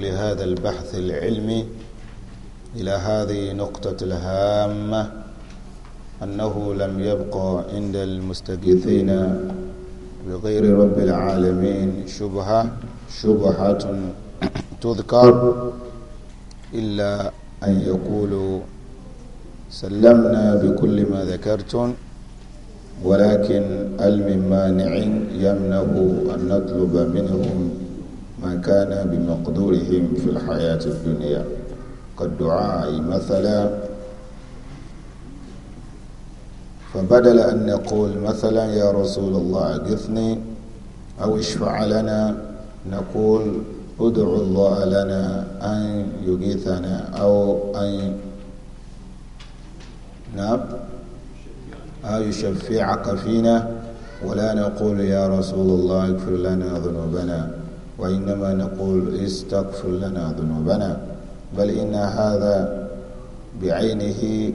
لهذا البحث العلمي إلى هذه نقطة الهامة أنه لم يبقى عند المستغيثين بغير رب العالمين شبهة شبهة تذكر إلا أن يقولوا سلمنا بكل ما ذكرتم ولكن هل من مانع يمنع أن نطلب منهم ما كان بمقدورهم في الحياة الدنيا كالدعاء مثلا فبدل أن نقول مثلا يا رسول الله أغثني أو اشفع لنا نقول ادعو الله لنا أن يغيثنا أو أن نعم أو يشفعك فينا ولا نقول يا رسول الله اغفر لنا ذنوبنا وإنما نقول استغفر لنا ذنوبنا بل إن هذا بعينه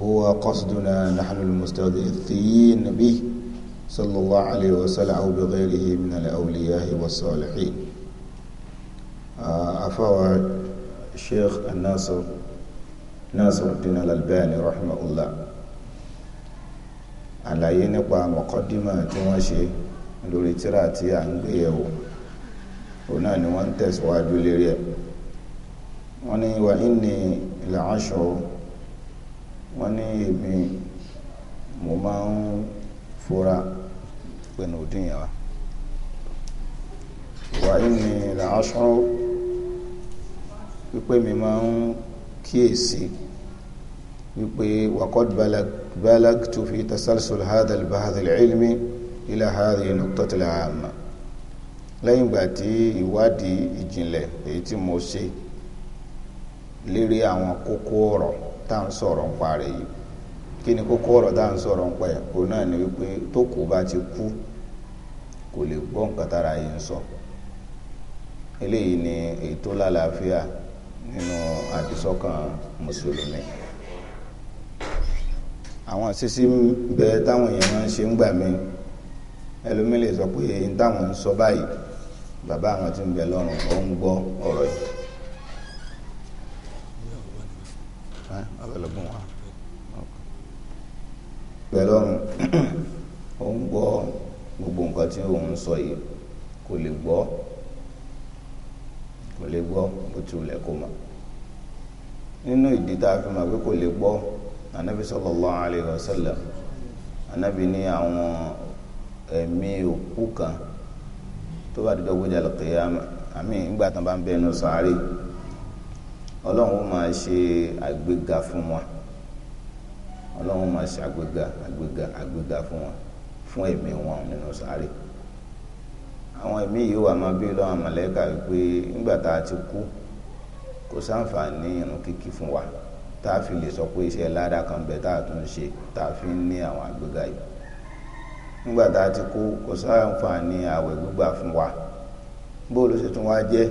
هو قصدنا نحن المستغيثين به صلى الله عليه وسلم أو بغيره من الأولياء والصالحين أفوى آه، الشيخ الناصر ناصر الدين الألباني رحمه الله على ينقى مقدمة tí wọ́n ṣe عن tíra òun náà ni wọ́n ń tẹ̀síwájú lérí ẹ̀ wọ́n ní wà ní ilẹ̀ aṣọ wọ́n ní èmi mo máa ń fura pinnu òdín yẹn wa wà ní ilẹ̀ aṣọ wípé mi máa ń kíyèsí wípé wakọ́d balak tó fi tasalsul hadal bahadal ilmi ila hadhihi nuqtatil amma lẹ́yìn ìgbà tí ìwádìí ìjìnlẹ̀ èyí tí mo ṣe lérí àwọn kókó ọ̀rọ̀ tá à ń sọ̀rọ̀ ń pa rẹ̀ yìí kí ni kókó ọ̀rọ̀ tá à ń sọ̀rọ̀ ń pa ẹ̀ òun náà ni wípé tó kù bá ti kú kò lè gbọ́ nǹkan tára yìí ń sọ eléyìí ni èyí tó lálàáfíà nínú àdìsọ́kàn mùsùlùmí àwọn sísí bẹ táwọn èèyàn ṣe ń gbà mí ẹlòmílẹ̀ sọ pé n ń sọ báyìí bàbá àwọn tí ń bẹ lọ́rùn ó ń gbọ́ ọ̀rọ̀ yìí. bẹ lọ́rùn ó ń gbọ́ gbogbo nǹkan tí òun sọ yìí kò lè gbọ́ kò lè gbọ́ bó ti wulẹ̀ kó nínú ìdí tá a fi mọ̀ pé kò lè gbọ́ anabi kan. tó bá dídọ̀ gbọ́jà lọ kíyámà àmì ìgbà tán bá ń bẹ inú sàárè ọlọ́run ó máa ṣe àgbéga fún wọn ọlọ́run ó máa ṣe àgbéga àgbéga àgbéga fún wọn fún ẹ̀mí wọn nínú sàárè àwọn ẹ̀mí yìí wà máa bí lọ́wọ́ àmàlẹ́kà wípé nígbà tá a ti kú kò sáǹfààní irun kíkí fún wa tá a fi lè sọ pé iṣẹ́ ládàá kan bẹ tá a tún ṣe tá a fi ń ní àwọn àgbéga yìí nígbà tá a ti kú kò sáǹfààní àwẹ̀ gbígbà fún wa bó ló ṣe tún wá jẹ́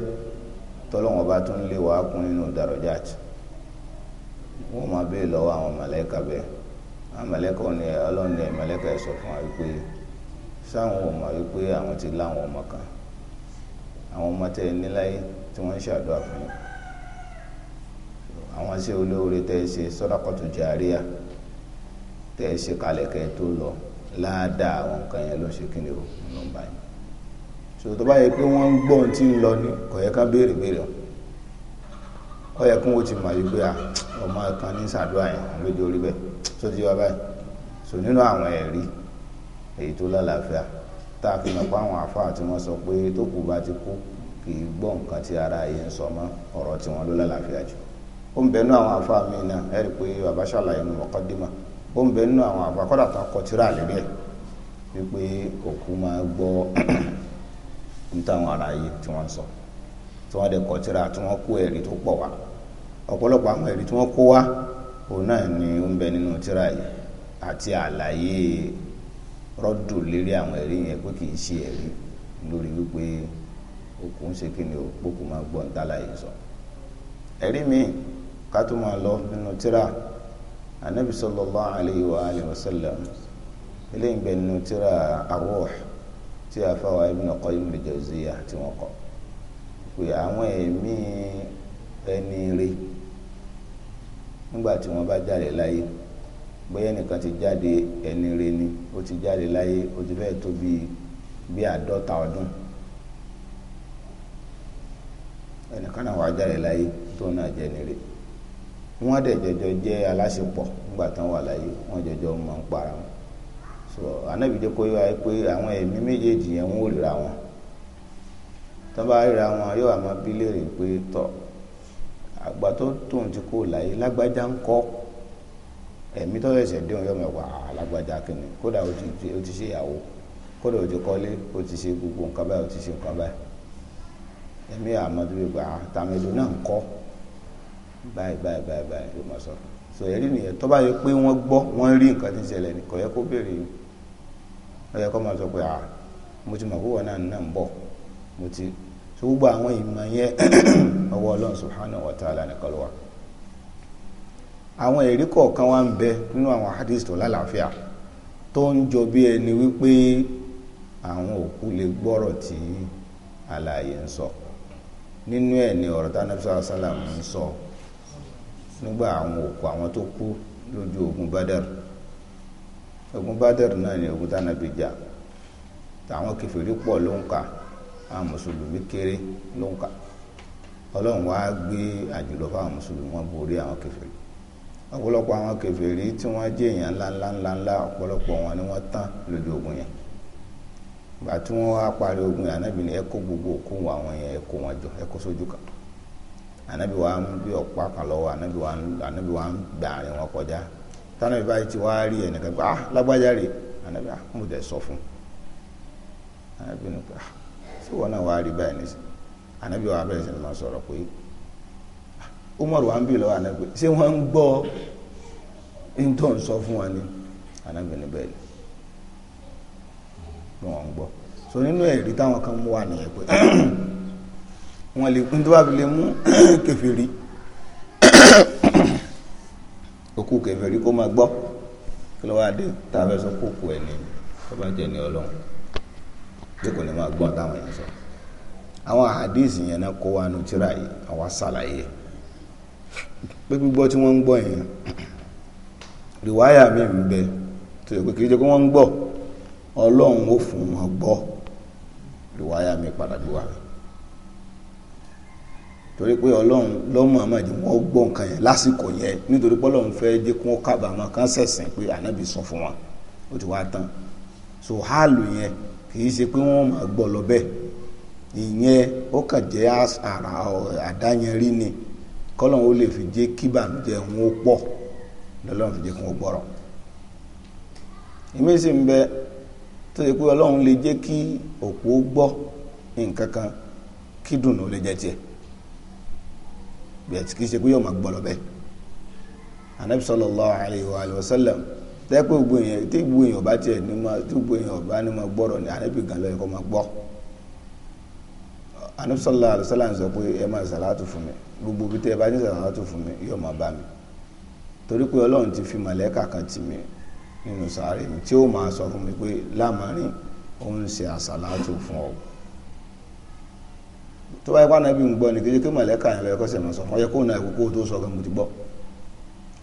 tọ́lọ́wọ́n bá tún lé wa kún nínú dàrọ́jà àti wọ́n máa bẹ́ẹ̀ lọ́wọ́ àwọn mọ̀lẹ́kà bẹ́ẹ̀ àwọn mọ̀lẹ́kà ni ọlọ́run ni mọ̀lẹ́kà ẹ̀ sọ fún wa wípé sáwọn ò mọ̀ wípé àwọn ti láwọn ọmọ kan àwọn ọmọ tẹ́ ẹ níláyé tí wọ́n ń ṣàdúrà fún yín àwọn ṣé olóore tẹ́ ẹ ṣe sọ́dọ̀kọ̀tù jàríà tẹ́ ẹ ṣe kalẹ̀ tó lọ láàdá àwọn nǹkan yẹn ló kí ni o ló ń báyìí so tó bá yẹ pé wọ́n ń gbọ́ ohun tí ń lọ ní kò yẹ ká béèrè béèrè ọ yẹ kí wọ́n ti mọ̀ wípé à ah, ọmọ kan ní sàdúrà yẹn lójú orí bẹ́ẹ̀ tó ti wá báyìí so nínú àwọn ẹ̀rí èyí tó lálàáfíà tá a fi mọ̀ pé àwọn àfáà tí wọ́n sọ pé tó kù bá ti kú kì í gbọ́ nǹkan tí ara yìí ń sọ mọ́ ọ̀rọ̀ tí wọ́n ló lálàáfíà jù ó ń bẹnu àwọn àfáà míì náà ẹ̀rí pé bàbá ṣàlàyé ní mọ̀kọ́dímọ̀ ó ń bẹ nínú àwọn àfàkọ́dà tó kọtíra wípé òkú máa gbọ́ ní táwọn ará tí wọ́n sọ tí wọ́n dẹ̀ kọtíra tí wọ́n kó ẹ̀rí tó pọ̀ wá ọ̀pọ̀lọpọ̀ àwọn ẹ̀rí tí wọ́n kó wá òun náà ni ó ń bẹ nínú tíra yìí àti yẹn pé kì í ṣe ẹ̀rí lórí wípé òkú ń ṣe kí ni òkú máa gbọ́ sọ ẹ̀rí lọ nínú tíra yìí anabi sallallahu alayhi wa alayhi wa sallam ilé ń gbẹnu tíra arúh tí a fáwọn ibn qayyim al-jawziya tí wọn kọ pé àwọn ẹ̀mí ẹni rí nígbà tí wọn bá jáde láyé bóyá ẹnìkan ti jáde ẹni rí ni ó ti jáde láyé ó ti fẹ́ẹ́ tó bíi bíi àádọ́ta ọdún ẹnìkan náà wàá jáde láyé tó náà jẹ́ ẹni rí. wọ́n dẹ̀ jọjọ jẹ́ aláṣepọ̀ nígbà tán wà láyé wọ́n jọjọ máa ń para wọn so anábìjẹ́ kó yọ pé àwọn ẹ̀mí méjèèjì yẹn wọ́n ò ríra wọn tán bá ríra wọn yóò àmọ́ bí léèrè pé tọ́ àgbà tó tóun ti kó láyé lágbájá ń kọ́ ẹ̀mí gbogbo nǹkan báyìí ó ti ṣe nǹkan báyìí ẹ̀mí àmọ́ báyìí báyìí báyìí báyìí ló so nìyẹn tó bá yẹ pé wọ́n gbọ́ wọ́n rí nǹkan tí ń ní kò kó béèrè yìí ó yẹ kó máa sọ pé ah mo ti mọ̀ kúwọ̀ náà náà ń mo ti so gbogbo àwọn ìmọ̀ yẹn ọwọ́ ọlọ́run subhanahu wa ta'ala nìkan ló wà àwọn ẹ̀rí kọ̀ọ̀kan ń bẹ nínú àwọn hadith tó lálàáfíà tó ń jọ bí ẹni wípé àwọn òkú lè gbọ́rọ̀ tí ń nígbà àwọn òkú àwọn tó kú lójú ogun badr ogun badr náà ni ogun tánàbí jà táwọn kèfèrí pọ̀ ló ń kà àwọn mùsùlùmí kéré ló ń kà ọlọ́run wá gbé àjùlọ fáwọn mùsùlùmí wọn borí àwọn kèfèrí ọ̀pọ̀lọpọ̀ àwọn kèfèrí tí ni tán lójú ogun yẹn gbà tí wá parí ogun yẹn anábìnrin gbogbo òkú àwọn yẹn wọn jọ sójú anabi wa ń ọ̀pá kan lọ́wọ́ anabi wa gbà àárín wọn kọjá tánàbí báyìí ti wá anabi ah, ah mo dẹ̀ sọ fún anabi ní ah ṣé wọn náà wá rí báyìí nísìn anabi wa bẹ̀rẹ̀ máa sọ̀rọ̀ pé ah, wa ń lọ́wọ́ anabi ṣé wọ́n wọn lè pín tó bá fi lè mú kèfèrí òkú kèfèrí kó máa gbọ́ kí ló wáá dé tá a fẹ́ sọ kókó ẹ̀ ní tó bá jẹ́ ní ọlọ́run tí kò ní máa gbọ́n táwọn yẹn sọ àwọn àdéhìsì yẹn náà kó wa nu tíra yìí àwa ṣàlàyé pé gbígbọ́ tí wọ́n ń gbọ́ yẹn rìwáyà mi ń bẹ tó yẹ pé kì í jẹ́ pé wọ́n ń gbọ́ ọlọ́run ó fún wọn gbọ́ rìwáyà mi padà bí wà mí torí pé ọlọ́run lọ́mọ àmàjì wọ́n gbọ́ nǹkan yẹn lásìkò yẹn nítorí pé ọlọ́run fẹ́ jẹ́ kí kan ṣẹ̀sìn pé ànábì sọ fún wọn ó ti wá so ha yẹn kì í ṣe pé wọ́n máa gbọ́ lọ bẹ́ẹ̀ ìyẹn ó kàn jẹ́ àrà àdáyẹnrí ni ó lè fi jẹ́ kí wọn ó pọ̀ lọ́lọ́run fi jẹ́ kí wọ́n gbọ́rọ̀ sì ń bẹ tó ṣe pé ọlọ́run lè jẹ́ kí òkú bẹ́ẹ̀ kì í ṣe pé yóò máa gbọ́ lọ bẹ́ẹ̀ anabi sallallahu alayhi wa sallam tẹ́pẹ́ gbogbo èèyàn tí gbogbo èèyàn bá tiẹ̀ ní ma tí gbogbo èèyàn bá ní ma gbọ́rọ̀ ni anabi gan lọ́yẹ̀ kọ́ máa gbọ́ anabi sallallahu alayhi wa sallam sọ pé ẹ máa sàlátù fún mi gbogbo bí tẹ́ ẹ bá ní sàlátù fún mi yóò máa bá mi torí pé ọlọ́run ti fi màlẹ́kà kan tì mí nínú sàárè mi tí ó máa sọ fún mi pé láàmárín òun ṣe àsàlátù fún ọ tó báyìí pa nàbí ń gbọ́ ní kéde kí mọ̀lẹ́kà sọ ọ yẹ kó na ìkókó tó sọ kí mo ti gbọ́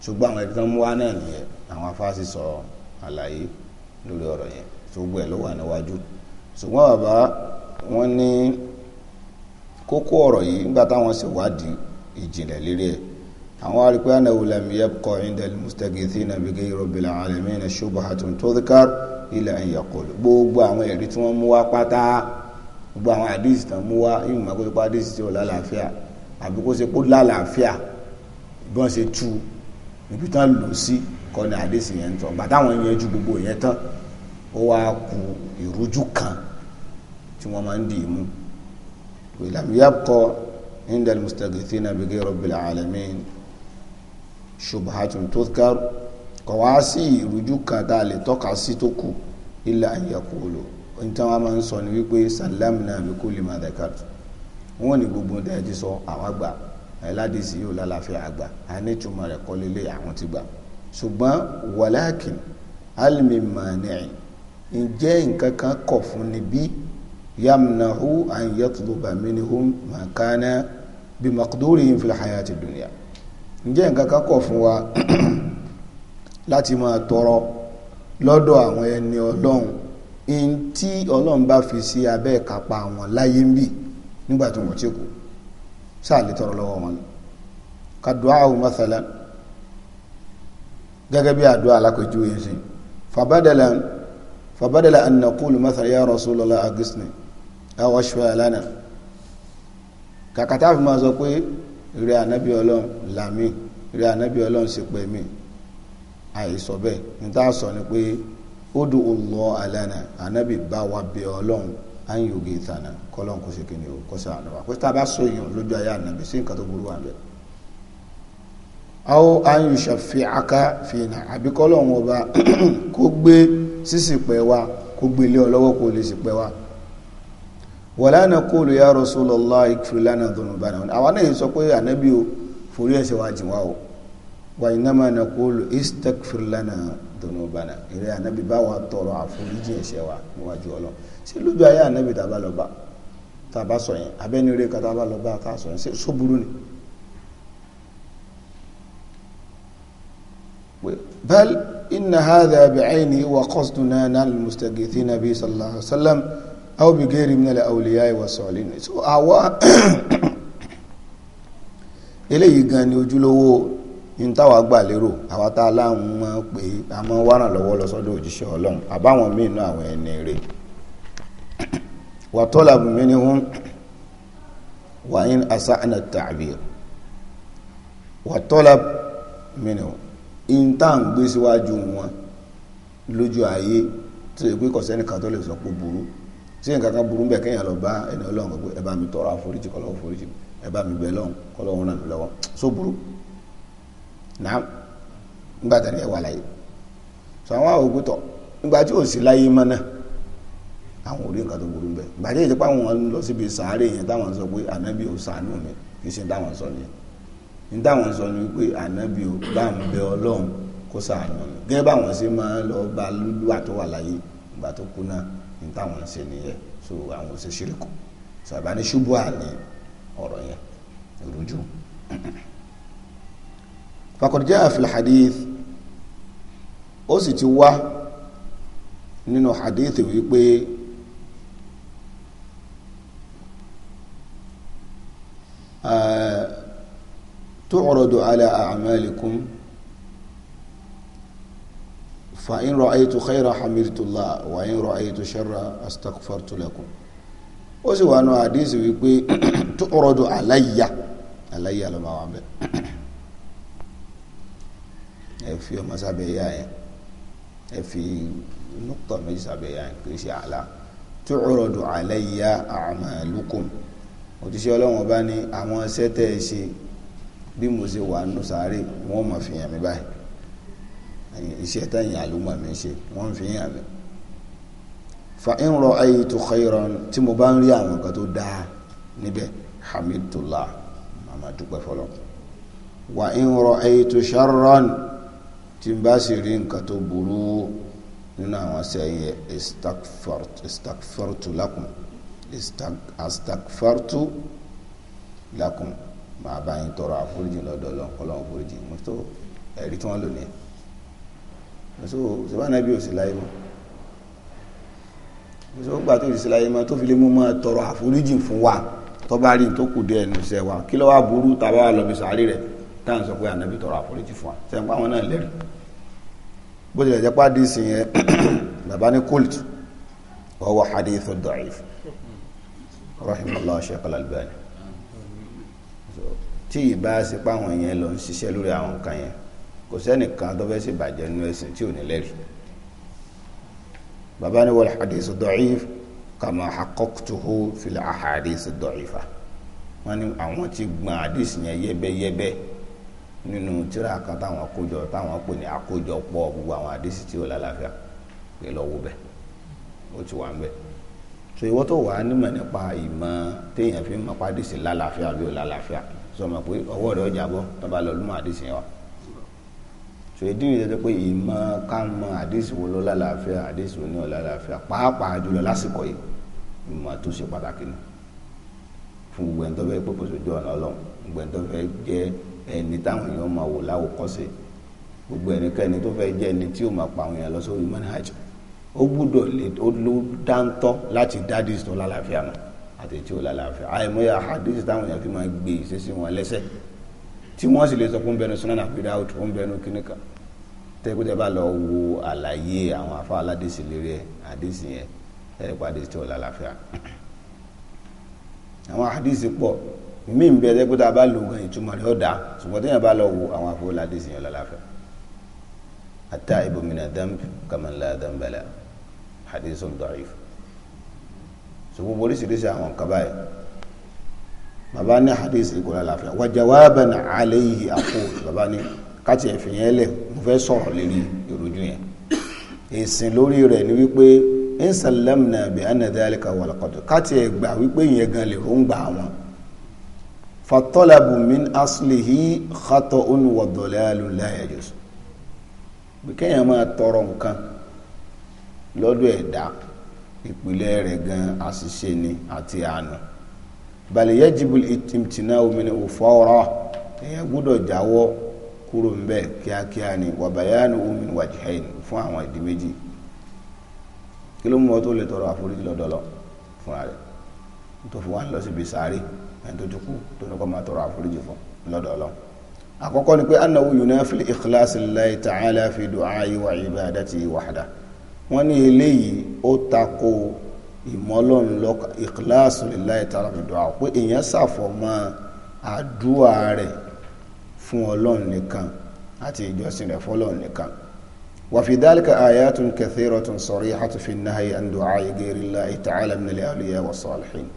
ṣùgbọ́n àwọn ẹ̀dítàn mú wá náà nìyẹn àwọn afáàsì sọ àlàyé lórí ọ̀rọ̀ yẹn ṣùgbọ́n ẹ̀ ló wà níwájú ṣùgbọ́n bàbá wọn ní kókó ọ̀rọ̀ yìí nígbà táwọn wádìí ìjìnlẹ̀ lérí ẹ̀ àwọn indel gbogbo àwọn àdìsí tán mú wá ìmọ̀ kó ṣe pé àdìsí tí ò lálàáfíà àbí kó ṣe pé lálàáfíà bí wọ́n ṣe tú ibi tán lò sí kọ́ ni àdìsí yẹn ń tọ́ gbà yẹn ju gbogbo yẹn tán ó wá ku ìrújú kan tí wọ́n máa ń dì í mú ìlànà yàtọ̀ عند المستغيثين بغير رب العالمين شبهات تذكر قواسي رجوك دالي توقع سيتوكو إلا أن يقولوا ní tí wọ́n máa ń sọ ni wípé salamna bi kulli ma dhakartu wọ́n ní gbogbo tẹ́ ẹ ti sọ àwọn àgbà ẹ̀ládìsí yóò lálàáfíà àgbà ànítumọ̀ rẹ̀ kọ́ lélẹ̀ àwọn ti gbà ṣùgbọ́n wàláàkìn alimi mànìí ǹjẹ́ nǹkan kan kọ̀ fún ni bí yamnahu an yatluba minhum bi maqdurihim fil hayati dunya ǹjẹ́ nǹkan kan kọ̀ fún wa láti máa tọrọ lọ́dọ̀ àwọn ẹni ọlọ́run in tí ọlọ́run bá fi sí abẹ́ ìkápá wọn láyé ń bì nígbà tí wọ́n ti kú sáà lè tọrọ lọ́wọ́ wọn ka dùá àwọn mọ́sálá gẹ́gẹ́ bí àdúrà alákòjú yẹn sí fàbádàlà fàbádàlà ànàkúlù mọ́sálá yà Rasulullah agisne àwọn aṣọ àlànà kàkàtà fi máa sọ pé ìrẹ́ ànábì ọlọ́run làmì ìrẹ́ ànábì ọlọ́run sì pẹ̀mí àìsọ bẹ́ẹ̀ níta sọ ni pé odò ọlọ àlànà anabi bá wa bẹ ọlọ́run ányògì ìtànà kọlọ́n kó ṣe kìnìún o kó ṣe àná wa pé tá a bá sọ èèyàn lójú ayé ànábì sí nǹkan tó burú wà bẹ́ẹ̀. àwọn ányòṣà fi aka fìhìnà àbí kọlọ́n ọba kó gbé sísìpẹ́ wa kó gbé ilé ọlọ́wọ́ kó lè sípẹ́ wa. wàlá náà ya Rasulullah ìkìlá náà dùnú bá náà àwọn náà o forí ẹ̀ṣẹ̀ wa jìn wá o wa inama naqulu istaghfir lana dhunubana eré anabi bá wa tọrọ àforíjì ẹ̀ṣẹ̀ wa níwájú ọlọ ṣé lójú ayé anabi tàbá lọ bá tàbá sọ yẹn abẹ́ni eré kan tàbá lọ bá tá a sọ yẹn ṣé sóburú ni. bal inna hadha bi'ayni wa qasduna nal mustagithina bi sallallahu alaihi wa sallam aw bi ghairi min al awliya wa salihin so àwa eléyìí gan ni ojúlówó ní táwa gbà lérò àwa tá a láwọn mọ̀ pé a mọ̀ wárán lọ́wọ́ lọ sọ́dọ̀ òjíṣẹ́ ọlọ́run àbáwọn míì nú àwọn ẹni rẹ̀ wàtọ́lá bùnmí ni wọ́n wà ní asáànà tàbí wàtọ́lá bùnmí ni wọ́n in tá à ń gbé síwájú wọn lójú ayé tó yẹ pé kọ̀sẹ́ni kan tó lè sọ pé burú sí nǹkan kan burú bẹ́ẹ̀ kéèyàn lọ bá ẹni ọlọ́run pé ẹ bá mi tọrọ àforíjì kọlọ́wọ́ foríjì ẹ bá mi bẹ̀ lọ́run kọlọ́wọ́ ràn mí so burú. So, na nígbà tẹ̀lé ẹ̀ wà láyé sọ àwọn àwòkú tọ̀ tí ò láyé náà àwọn orí nǹkan tó burú bẹ́ẹ̀ ìgbà tí lọ síbi sàárè yẹn táwọn sọ pé ànábì ò sàánú mi kì í ṣe táwọn sọ ni ní táwọn sọ ni pé ànábì ò bá ń bẹ kó mi gẹ́gẹ́ so àwọn ò ṣe ṣírí kù fakọ̀díjẹ́ àfil hadith ó sì ti wá nínú hadith wípé tu'radu ala a'malikum fa in ra'aytu khayra hamidullah wa in ra'aytu sharra astaghfartu lakum ó sì wà nínú hadith wípé tu'radu alayya alayya ló máa bẹ́ẹ̀. ẹ fi ọmọ sábẹ́ yá yẹn ẹ fi nukutọ méjì sábẹ́ yá yẹn kì í ṣe àlá tu'radu alayya a'malukum òjíṣẹ́ ọlọ́run ọba ní àwọn iṣẹ́ tẹ́ ẹ ṣe bí mo ṣe wà nù sáré wọ́n mọ̀ fi hàn mí báyìí iṣẹ́ tẹ̀yìn àlùmọ̀ mi ṣe wọ́n fi hàn mí. fa in ra'aytu khayran tí mo bá ń rí àwọn nǹkan tó dáa níbẹ̀ hamidullah màmá dúpẹ́ fọlọ́ wa in ra'aytu sharran tí n bá sì rí nǹkan tó burú nínú àwọn sẹ́yẹ istakfartu lakum istakfartu lakum màá bá yín tọrọ àforíjì lọ́dọ̀ ọlọ́run foríjì mo tó ẹ̀rí tí wọ́n lò ní ẹ̀ so sèbáná bí òsì láyé mọ́ òsì ó gbà tó òsì láyé mọ́ tó fi lè mú mọ́ tọrọ àforíjì fún wa tó bá rí tó kù dé ẹnu iṣẹ́ wa kí ló wá burú tàbá wà lọ́bi sàárì rẹ̀ táà ń sọ pé ànábì tọrọ àforíjì fún wa sẹ́yìn pé àwọn náà lẹ́rìí bó tilẹ̀ jẹ́ pàdé sí yẹn bàbá ní kult wa huwa hadith da'if rahimahullah sheikh al-albani tí ìbá ṣe páwọn yẹn lọ ń ṣiṣẹ́ lórí àwọn nǹkan yẹn kò sẹ́nìkan tó fẹ́ ṣe bàjẹ́ nínú ẹ̀sìn tí ò ní lẹ́rìí bàbá ní wal hadith da'if kama haqqaqtuhu fil ahadith da'ifa wọ́n ní àwọn ti gbọ́n hadith yẹn yẹ́bẹ́yẹ́bẹ́ nínú tíra kan táwọn àkójọ táwọn pè ní àkójọpọ̀ gbogbo àwọn àdísì tí ó lálàáfíà pé lọ́wọ́ bẹ́ẹ̀ ó ti wà ń bẹ́ẹ̀ so ìwọ́ tó wà á nímọ̀ nípa ìmọ̀ téèyàn fi mọ̀ pa àdísì lálàáfíà bí ó lálàáfíà sọ ma pé ọwọ́ rẹ̀ ọjà bọ́ tó bá lọ lúmọ̀ àdísì yẹn wà so ìdí ìyẹn tó pé ìmọ̀ ká mọ̀ àdísì wo ló lálàáfíà àdísì wo ní ó lálàáfíà pàápàá jùlọ lásìkò yìí ìmọ̀ tó ṣe pàtàkì ni fún gbogbo ẹni ẹni táwọn èèyàn máa wò láwòkọ́ṣe gbogbo ẹnikẹ́ni tó fẹ́ jẹ́ ẹni tí ó máa pa àwọn èèyàn lọ sórí manhaj ó gbúdọ̀ lè ó ló dáńtọ́ láti dádìs tó lálàáfíà mọ́ àti tí ó lálàáfíà àìmọye àhádìs táwọn èèyàn fi máa gbé ìṣesí wọn lẹ́sẹ̀ tí wọ́n sì lè sọ pé ń bẹnu sunan àbídá ó ń bẹnu kíníkà tẹ́kùtẹ́ bá lọ wo àlàyé àwọn afá aládìsí lérí ẹ̀ àdìsí yẹn ẹ̀rẹ́pàdé tí ó lálàáfíà àwọn àdìsí pọ̀ mí ń bẹ ẹjẹ pé tá a bá lo gan ìtumọ̀ rẹ̀ ọ̀dà ṣùgbọ́n téèyàn bá lọ wo àwọn àfọwọ́ládé sì yàn lálàáfẹ́ ata ibomina damb kamanla dambala hadithun da'if ṣùgbọ́n oríṣiríṣi àwọn nǹkan báyìí bàbá ní hadith kò lálàáfẹ́ wa jawaban alayhi aqul bàbá ní káti ẹ̀fìn yẹn lẹ̀ mo fẹ́ sọ̀rọ̀ lérí ìrújú yẹn èsìn lórí rẹ̀ ni wípé ń sàlámù náà bí anadalika wal qadr káti ẹ̀ gbà wípé ìyẹn gan lè rò ń gbà wọn fatọ́làbù min aslihi xatọ́ onu wàdọ̀lẹ́ alùláyàjọsọ kéèyàn máa tọrọ nǹkan lọ́dọ̀ ẹ̀dá ìpìlẹ̀ rẹ̀ gan àṣìṣe ni àti àánú balẹ̀yẹ́ jìbìl ìtìmtìná omi ni òfò ọ̀rọ̀ èèyàn gbọ́dọ̀ jáwọ́ kúrò ń bẹ́ẹ̀ kíákíá ni wàbàyánu omi wàjìhẹ́yìn fún àwọn ìdí méjì kí ló mú ọ tó lè tọrọ àforíjì lọ́dọọlọ fúnra rẹ̀ tó fi lọ síbi sáré ẹni tó ti kú tó ní kó máa tọrọ àforíjì fún lọ́dọ̀ Ọlọ́run àkọ́kọ́ ni pé annahu yunafil ikhlasi lillahi ta'ala fi du'ayi wa ibadati wahda wọ́n ní eléyìí ó tako ìmọ́lọ́n lọ́kàn ikhlasi lillahi ta'ala fi du'a pé èèyàn ṣàfọ̀mọ́ àdúrà rẹ̀ fún Ọlọ́run nìkan àti ìjọsìn rẹ̀ fọ́lọ́run nìkan wa fi dhalika ayatun kathiratun sarihatun fi nahyi an du'ayi ghayri llahi ta'ala min al-awliya wa salihin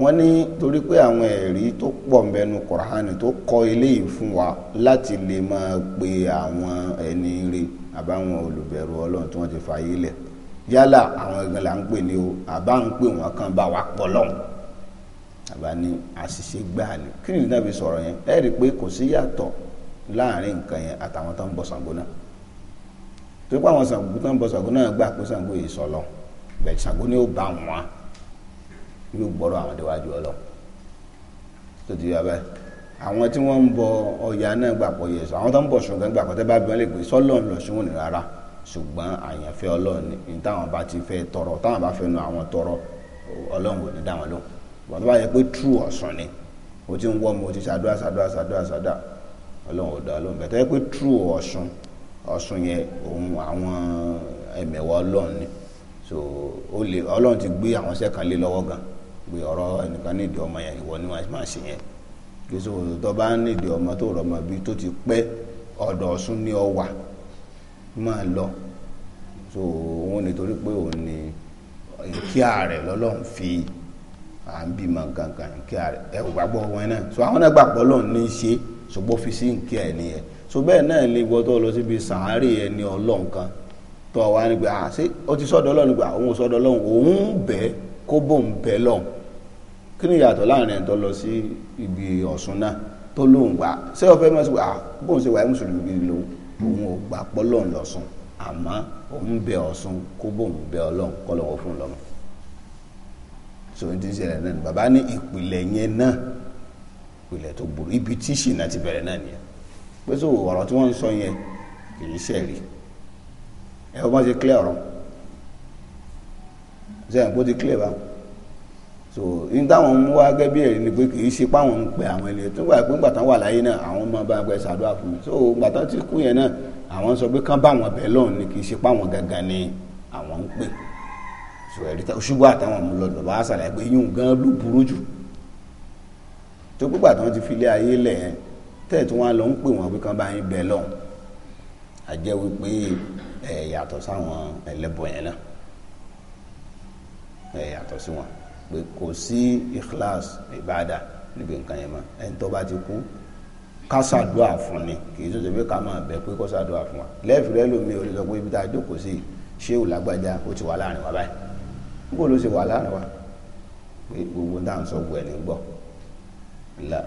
wọ́n ní torí pé àwọn ẹ̀rí tó pọ̀ ń bẹnu kọ̀ránì tó kọ́ eléyìí fún wa láti lè máa pe àwọn ẹni ire àbáwọn olùbẹ̀rù ọlọ́run tí wọ́n ti fààyè lẹ̀ yálà àwọn ẹ̀gbọ́n là ń pè ní o àbá ń pè wọ́n kàn bá wa pọ̀ lọ́hùn àbá ní àṣìṣe gbáà ni kí ni nàbí sọ̀rọ̀ yẹn ẹ rí i pé kò sí yàtọ̀ láàrin nǹkan yẹn àtàwọn tó ń bọ Ṣàngó náà tó pé àwọn Ṣàngó tó ń bọ Ṣàngó náà gbà pé Ṣàngó yìí sọ lọ bẹ́ẹ̀ Ṣàngó ni ó bá wọn yóò gbọ́rọ̀ àwọn déwájú ọlọ tó ti yọ abẹ́ àwọn tí wọ́n ń bọ ọya náà gbàpọ̀ yẹsọ àwọn tó ń bọ̀ ṣùgbọ́n gbàpọ̀ tẹ́ bá bí wọ́n lè pè sọ́lọ́ ń lọ ṣùgbọ́n ní rárá ṣùgbọ́n àyànfẹ́ ọlọ́run ní táwọn bá ti fẹ́ tọrọ táwọn bá fẹ́ nu àwọn tọrọ ọlọ́run kò ní dá wọn lọ bọ̀ tó bá yẹ pé tú ọ̀sán ni o ti ń wọ́ mi o ti ṣàdúrà ṣàdúrà ṣàdúrà ṣàdúrà ọlọ́run ò dá ọlọ́run bẹ̀ tó yẹ pé tú ọ̀sán ọ̀sán ni so ó lè ọlọ́run ti gbé ọ̀rọ̀ ẹnìkan nídìí ọmọ yẹn ìwọ ni wọ́n máa ṣe yẹn kí sọ òtò tó nídìí ọmọ tó rọ ọmọ bíi tó ti pẹ́ ọ̀dọ̀ ọ̀sùn ní ọwà máa lọ so òun nítorí pé òun ni kí ààrẹ lọ́lọ́run fi à ń bímọ gangan kí ààrẹ ẹ ò gbàgbọ́ wọn náà so àwọn náà gbàgbọ́ lọ́run ní í ṣe ṣùgbọ́n fi sí nkí ẹ̀ nìyẹn so bẹ́ẹ̀ náà lè wọ́n tó lọ síbi sàárè ẹni ọlọ́run kan tó wà nígbà àṣé ó ti sọ́dọ̀ ọlọ́run gbà òun sọ́dọ̀ ọlọ́run òun bẹ́ẹ̀ kó bóun bẹ́ẹ̀ lọ́run kí ni ìyàtọ̀ láàrin ẹ̀tọ́ lọ sí ibi ọ̀sùn náà tó lóun gbà ṣé ọ̀fẹ́ mọ̀ sí wà ah, bóun ṣe wà ní mùsùlùmí gidi lòun òun ò gbà pọ́ lọ́n lọ́sùn àmọ́ òun bẹ ọ̀sùn kó bóun bẹ ọlọ́run kọ́ lọ́wọ́ fún un lọ́mọ. sọ ní ti ṣẹlẹ̀ náà ni bàbá ní ìpìlẹ̀ yẹn náà ìpìlẹ̀ tó burú ibi tí ṣìnà ti bẹ̀rẹ̀ náà nìyẹn pé sọ ọ̀rọ̀ tí wọ́n ń sọ yẹn kì í ṣẹ̀rí ẹ̀ ọmọ ti clear ọ̀rọ̀ ṣe àpótí clear báwọn so n táwọn mú wá gẹ́gẹ́ bí ẹ̀rí ni pé kì í ṣe páwọn ń pe àwọn ènìyàn tó gbà pé ńgbà tán wà láyé náà àwọn ọmọ bá gbẹ ṣàdúrà fún mi so gbà tán ti kú yẹn náà àwọn sọ pé kán bá wọn bẹ̀ lọ́hùn ni kì í ṣe páwọn gangan ni àwọn ń pè so ẹ̀rí ṣùgbọ́n àtàwọn mú lọ́dọ̀ bá ṣàlàyé pé yíyún gan ló burú jù tó gbígbà tán ti fi ilé ayé lẹ̀ yẹn tí wọ́n lọ ń pè wọ́n pé kán bá yín bẹ̀ lọ́hùn a jẹ́ wípé ẹ̀ yàtọ̀ sáwọn ẹlẹ́bọ̀ yẹn náà ẹ̀ yàtọ̀ sí wọn pé kò sí ikhlas ibada, níbi nǹkan yẹn mọ́ ẹni tó bá ti kú ká fún ni kì í sọ̀tẹ̀ pé ká máa bẹ̀ pé kó ṣàdúrà fún wa lẹ́ẹ̀fìrẹ́ lómi ò lè sọ pé ibi tá a jókòó sí ṣéwù lágbájá ó ti wà láàrin wa báyìí níbo ló ṣe wà láàrin wa pé gbogbo dáhùn sọ gbọ́ ẹni gbọ́ ńlá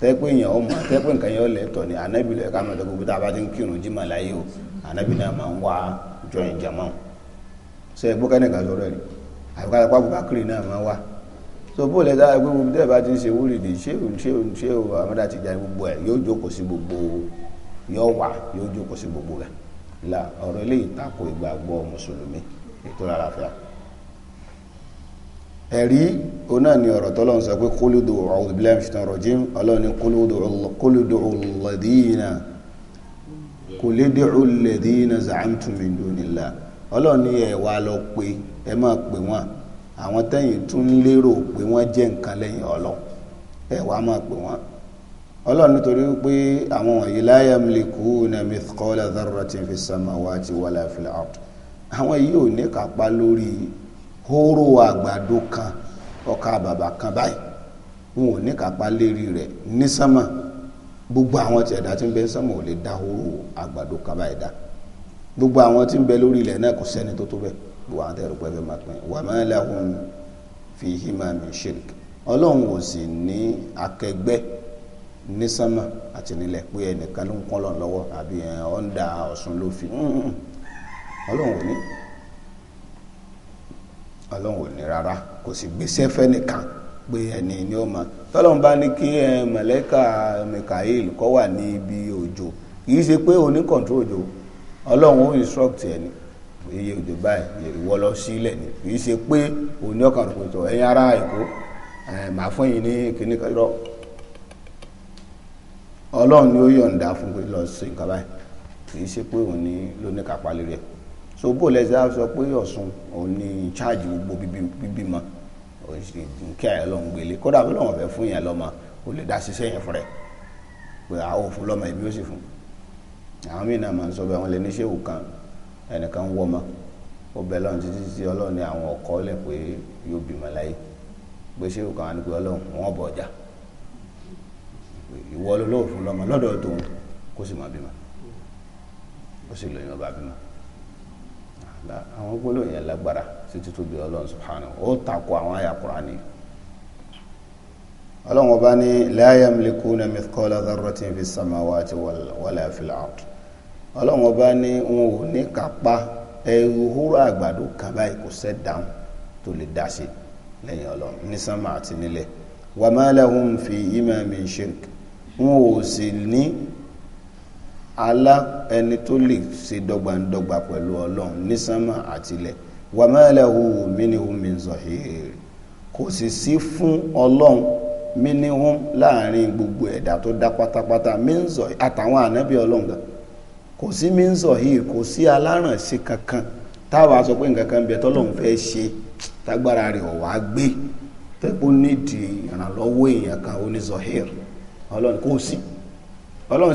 tẹ́pẹ́ yẹn ọmọ tẹ́pẹ́ nǹkan yẹn lẹ́tọ̀ ni ànábì lọ́ọ́ ká máa tọ́ gbogbo tá a bá ti ń kírun jímọ̀ láyé o ànábì náà máa ń wá jọyìn jàmáà ṣe é gbọ́kẹ́ sọ̀rọ̀ ẹ̀ àbíkálapá bùbákìrì náà máa wà so bó lẹ́dá ẹgbẹ́ gbogbo tẹ́ẹ̀ bá ti ń ṣe wúrìdì ṣé òun ṣé òun ṣé òun àmọ́dá ti jáde gbogbo ẹ̀ yóò jókòó sí gbogbo yóò wà yóò jókòó sí gbogbo rẹ̀ la ọ̀rọ̀ eléyìí tako ìgbàgbọ́ mùsùlùmí ètò àlàáfíà ẹ̀rí òun náà ni ọ̀rọ̀ tọ́lọ́run sọ pé kólódò ọ̀rọ̀ bílẹ̀ rọ̀jí ọlọ́run ní kólódò ọ̀lọ́dínà kò ọ̀lẹ́dínà zàmtùmí dùnìlá ọlọ́run ní ẹ̀ wà lọ pé ẹ máa pè wọ́n àwọn tẹ́yìn tún lérò pé wọ́n jẹ́ nǹkan lẹ́yìn ọlọ́ ẹ̀ wà máa pè wọ́n ọlọ́run nítorí pé àwọn wọ̀nyí la yamlikuna mithqala dharratin fi samawati wala fil ard àwọn yìí ò ní kápá lórí hóró àgbàdo kan ọkà bàbà kan báyìí wọn ò ní kápá lérí rẹ̀ ní sánmà gbogbo àwọn tí ẹ̀dá tí ń bẹ sánmà ò lè dá hóró àgbàdo kan báyìí dá gbogbo àwọn tí ń bẹ lórí ilẹ̀ náà kò sẹ́ni tó tó bẹ̀ gbogbo àwọn tẹ́rù pẹ́fẹ́ máa pín wà máa lahum fihima min shirk ọlọ́run ò sì ní akẹgbẹ́ ní sánmà àti nílẹ̀ pé ẹnìkan ló ń kọ́ lọ́n lọ́wọ́ àbí ọ̀ǹda ọ̀sùn ló fi ọlọ́run ò ní ọlọ́run ò ní rárá kò sì gbéṣẹ́ fẹ́nìkan pé ẹni ni ó máa tọ́lọ́run bá ní kí màlẹ́kà Mikael kọ́ wà ní ibi òjò kì í ṣe pé oní kọ̀ǹtró òjò ọlọ́run ó instruct ẹ̀ ní iye òjò báyìí ìwọ lọ sílẹ̀ ní kì í ṣe pé òní ọkàn rẹ̀ pẹ̀tọ̀ ẹ̀yin ará èkó màá fún yín ní kíní kọ́ ọlọ́run ni ó yọ̀ǹda fún pé lọ sí nǹkan báyìí kì í ṣe pé òní ló ní kápá lórí ẹ̀ so bó lẹ́sẹ̀ sọ pé ọ̀sùn òní charge gbogbo bíbímọ kí àyẹ̀ lọ́n gbélé kódà bí lọ́wọ́ fẹ́ fún yẹn lọ́mọ ó lè dá ṣiṣẹ́ yẹn fún rẹ̀ pé àwọn òfin lọ́mọ ìbí ó sì fún un àwọn míì náà máa ń sọ bẹ́ẹ̀ àwọn lè ní ṣéwù kan ẹnìkan ń wọ́ ọmọ ó bẹ lọ́run títí tí ọlọ́run ní àwọn ọkọ lẹ̀ pé yóò bímọ láyé pé ṣéwù kan wà ní pé ọlọ́run wọn bọ̀ ọjà ìwọ olólùfún lọ́mọ lọ́dọ̀ tòun kó sì máa bímọ ó sì lóyún ọba bímọ àwọn gbólóyìn yẹn lágbára sí títóbi ọlọ́run subhanahu ó takò àwọn àyà Kùránì ọlọ́run ọba ní la yamlikuna mithqala dharratin fis samawati wala fil ard ọlọ́run ọba ní wọn ò ní kápá ẹrù húrò àgbàdo kan báyìí kò sẹ́ dáhùn tó lè dá sí lẹ́yìn ọlọ́run ní sánmà àti nílẹ̀ wa ma lahum fi ima min shirk wọn ò sì ní alá ẹni tó lè ṣe dọ́gbandọ́gba pẹ̀lú ọlọ́run ní sánmà àti ilẹ̀ wa ma lahu minhum min zahir kò sì sí fún ọlọ́run minhum láàrin gbogbo ẹ̀dá tó dá pátápátá min zahir àtàwọn ànábì ọlọ́run gan kò sí mínsọ̀ yìí kò sí alárànṣe kankan táwa sọ pé ṣe tágbára rẹ̀ ọ̀ wá gbé tẹ́pọ̀ nídìí ìrànlọ́wọ́ èèyàn kan kò sí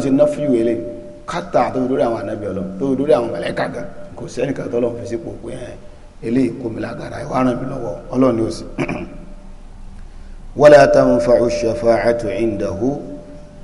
ṣe ná fíwèé lé kátà tó fi àwọn anábì tó kò sí ẹnìkan tọ́lọ́hún fi sípò pé ẹ̀ eléyìí kò mí ìwà ràn mí ni ó sì.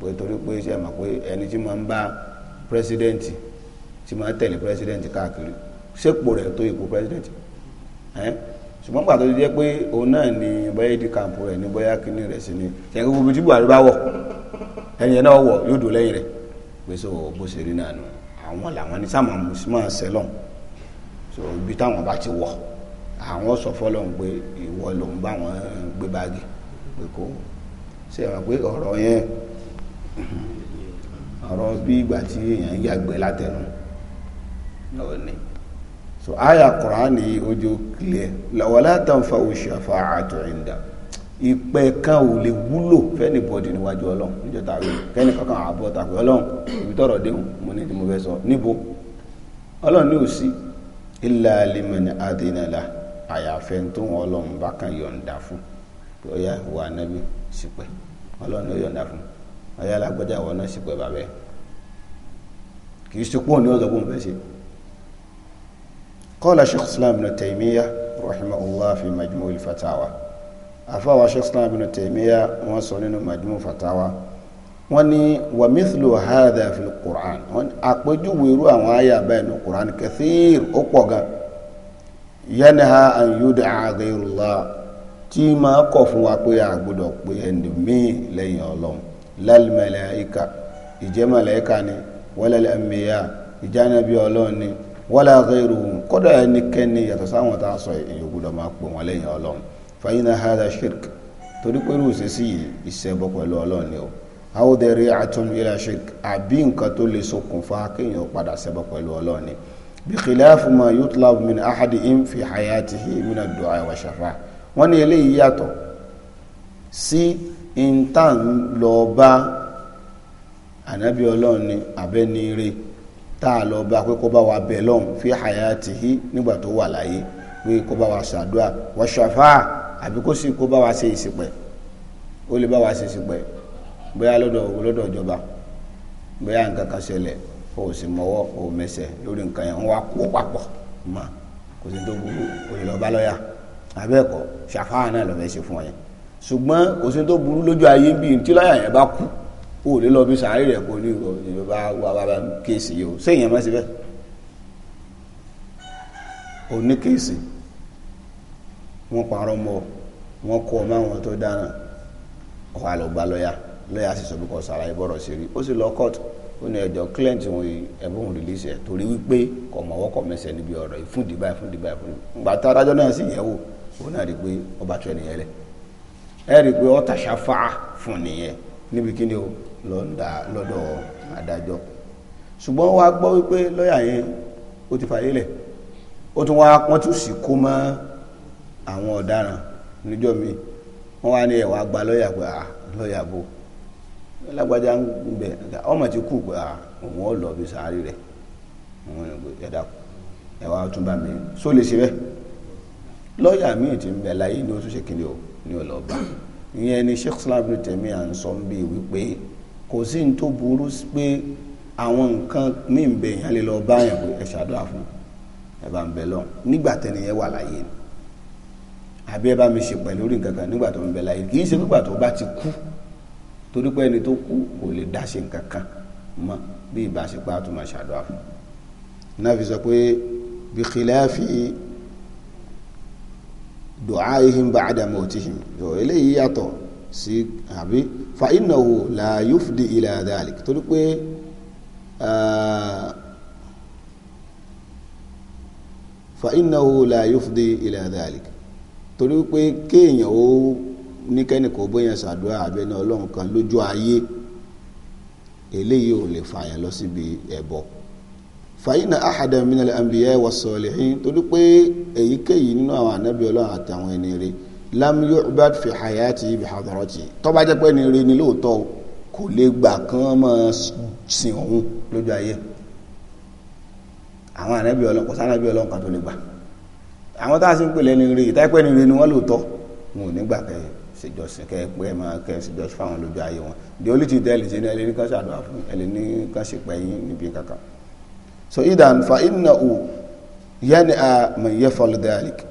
pé torí pé ṣe mọ̀ pé ẹni tí máa ń bá pírẹsidẹ́ǹtì tí máa tẹ̀lé pírẹsidẹ́ǹtì káàkiri sépò rẹ̀ tó ipò pírẹsidẹ́ǹtì ẹ́ ṣùgbọ́n gbà ti jẹ́ pé òun náà ni bóyá ìdí kàǹpù rẹ̀ ní bóyá kíní rẹ̀ sí ni ṣe kí gbogbo tí Buhari bá wọ̀ ẹni yẹn náà wọ̀ yóò dùn lẹ́yìn rẹ̀ pé so bó ṣe rí náà àwọn làwọn ní sáàmù àmùsùnmọ́ sẹ́lọ̀n so ibi táwọn bá ti wọ̀ àwọn sọ fọlọ́n pé ìwọ lòún bá wọn gbé báàgì pé kò ṣe àwọn pé ọ̀rọ̀ yẹn ọ̀rọ̀ bí ìgbà tí èèyàn yàgbẹ́ látẹnu lọ́ọ̀ni so aya Qur'ani ojú clear lawala tanfa'u shafa'atu inda ìpẹ kan ò lè wúlò fẹ́ni bọ́dì níwájú ọlọ́run kẹ́ni kankan àbọ̀ ọlọ́run ibi tọrọ dé mo ní mo fẹ́ sọ níbo ọlọ́run ní òsì àyàfẹ́ tó ọlọ́run bá kan yọ̀ǹda fún sípẹ́ ọlọ́run ló yọ̀ǹda fún un. ayé alágbájá àwọn náà sì pẹ́ bàbẹ́ kì í ṣe pọ́ ní ọ̀dọ́ gbọ́n fẹ́ ṣe qala sheikh islam ibn taymiyyah rahimahullah fi majmu' al-fatawa afáwa sheikh islam ibn taymiyyah wọ́n sọ nínú majmu' fatawa wọ́n ní wa mithlu hadha fi quran wọ́n àpèjúwe irú àwọn àyà bẹ́ẹ̀ ní quran kathir ó pọ̀ gan yanha an yud'a ghayrullah tí máa kọ̀ wa pé a gbọ́dọ̀ pé ẹni míì lẹ́yìn ọlọ́run lálmàláìka ìjẹ́ màláìka ni wala àmìyà ìjánabi ọlọ́run ni wala ghayruhum kọ́dà ẹnikẹ́ni yàtọ̀ sáwọn tá a sọ èèyàn gbọ́dọ̀ máa pè wọ́n lẹ́yìn ọlọ́run fa inna hadha shirk torí pé irú ìṣesí yìí ìṣẹ́bọ pẹ̀lú ọlọ́run ni o àwòdẹ̀rẹ̀ àtún ila shirk àbí nǹkan tó lè ṣokùnfà kéèyàn padà ṣẹbọ pẹ̀lú ọlọ́run ni bí khilafu ma yutlab min ahadi im fi hayatihi min ad-du'a wa shafa wọ́n ní eléyìí yàtọ̀ sí ìntà ń lọ bá ànábì ọlọ́run ni abẹ́ni rẹ̀ tá a lọ bá pé kó bá wa bẹ̀ lọ́hùn fi hayatihi nígbà tó wà láyé pé kó bá wa ṣàdúrà wa ṣàfà àbí kó sì kó bá wa ṣe ìsìpẹ̀ ó lè bá wa ṣe ìsìpẹ̀ bóyá lọ́dọ̀ lọ́dọ̀ ìjọba bóyá nǹkan kan ṣẹlẹ̀ o ò sì mọ́wọ́ o ò mẹsẹ̀ lórí nǹkan yẹn wọ́n wá kó papọ̀ mọ́ kò sí tó burú o lè lọ bá lọ́yà abẹ́ẹ̀kọ́ ṣàfà náà lọ́bẹ̀ ṣe fún ọ yẹn ṣùgbọ́n kò sí tó burú lójú ayé bí tí lọ́yà yẹn bá kú ó lè lọ bí sàárì rẹ̀ kò ní ìrọ̀ ìjọba wà wà bá kéèsì yìí o séèyàn má sí bẹ́ẹ̀ ò ní kéèsì wọ́n parọ́ mọ́ wọ́n kọ́ ọmọ àwọn tó dáná ọ̀hà lọ gba lọ́yà lọ́yà sì sọ bí kò sàlàyé bọ́rọ̀ sí rí ó sì lọ kọ́ọ̀tù ó ní ẹjọ́ client wọn ẹ̀bùn release ẹ̀ torí wípé kò mọ̀wọ́ kò mẹsẹ̀ níbi ọ̀rọ̀ ìfúndìbáyìí fúndìbáyìí fúndìbáyìí gbàtà adájọ́ náà sì yẹ̀ wò ó náà rí i pé ọba tó ẹnìyẹn lẹ̀ ẹ rí i pé ọ̀tà ṣàfà fún nìyẹn níbi kí o lọ́dọ̀ adájọ́ ṣùgbọ́n wàá gbọ́ wípé lọ́ọ̀yà yẹn ó ti fàyè lẹ̀ ó tún wá wọ́n tún sì kó mọ́ àwọn ọ̀daràn níjọ́ mi wọ́n wá ní ẹ̀wà gba lọ́ọ̀yà pé à ah, lọ́ọ̀yà bò lágbájá ń bẹ̀ ọmọ ti kú pé à ah, òun ò lọ bí sáré rẹ̀ òun ò gbé ẹ̀dá ẹ̀wà tún bá mi só lè ṣe bẹ́ẹ̀ lọ́ọ̀yà míì ti ń bẹ̀ láyé ni ó ṣe kiri o Ni ọlọ́ba ìyẹn ni sheikh salaam ní tẹ̀mí à ń sọ ń bí wípé kò sí ní tó burú pé àwọn nǹkan míì ń bẹ yẹn lè lọ bá yẹn pé ẹ ṣàdúrà fún ẹ bá ń bẹ lọ nígbà tẹ́ni yẹn wà láyé ni àbí ẹ bá mi ṣe pẹ̀lú orí nǹkan kan nígbà tó ń bẹ láyé kì í ṣe nígbà tó bá ti kú torí pé ẹni tó kú kò lè dá ṣe nǹkan kan mọ́ bí ìbáṣepọ̀ àtúmọ̀ ṣàdúrà fún náà fi sọ pé bí khilafi. du'aihim ba'da mawtihim so eléyìí yàtọ̀ sí àbí fa innahu la yufdi ila dhalik fa innahu la yufdi ila dhalik torí pé kéèyàn kan fàyínà àhàdà minal anbiya was-salihin torí pé èyíkéyìí nínú àwọn ànábì ọlọ́run àtàwọn ẹni rẹ̀ lam yu'bad fi hayati bi hadarati tó bá jẹ́ pé ni re ni lóòótọ́ kò lè gbà kán mọ́ sin òun lójú ayé àwọn ànábì ọlọ́run kò sànábì ọlọ́run kan tó lè gbà àwọn tá a sì ń pè lẹ́ni re ìtá pé ni re ni wọ́n lóòótọ́ wọn ò ní gbà kẹ́ ṣèjọsìn kẹ́ pé ẹ máa kẹ́ ṣèjọsìn fáwọn lójú ayé wọn di olùtí tẹ́lẹ̀ ṣe ní ẹlẹ́ni kan ṣàdúrà so idan fa innahu yẹni a man yafal dhalik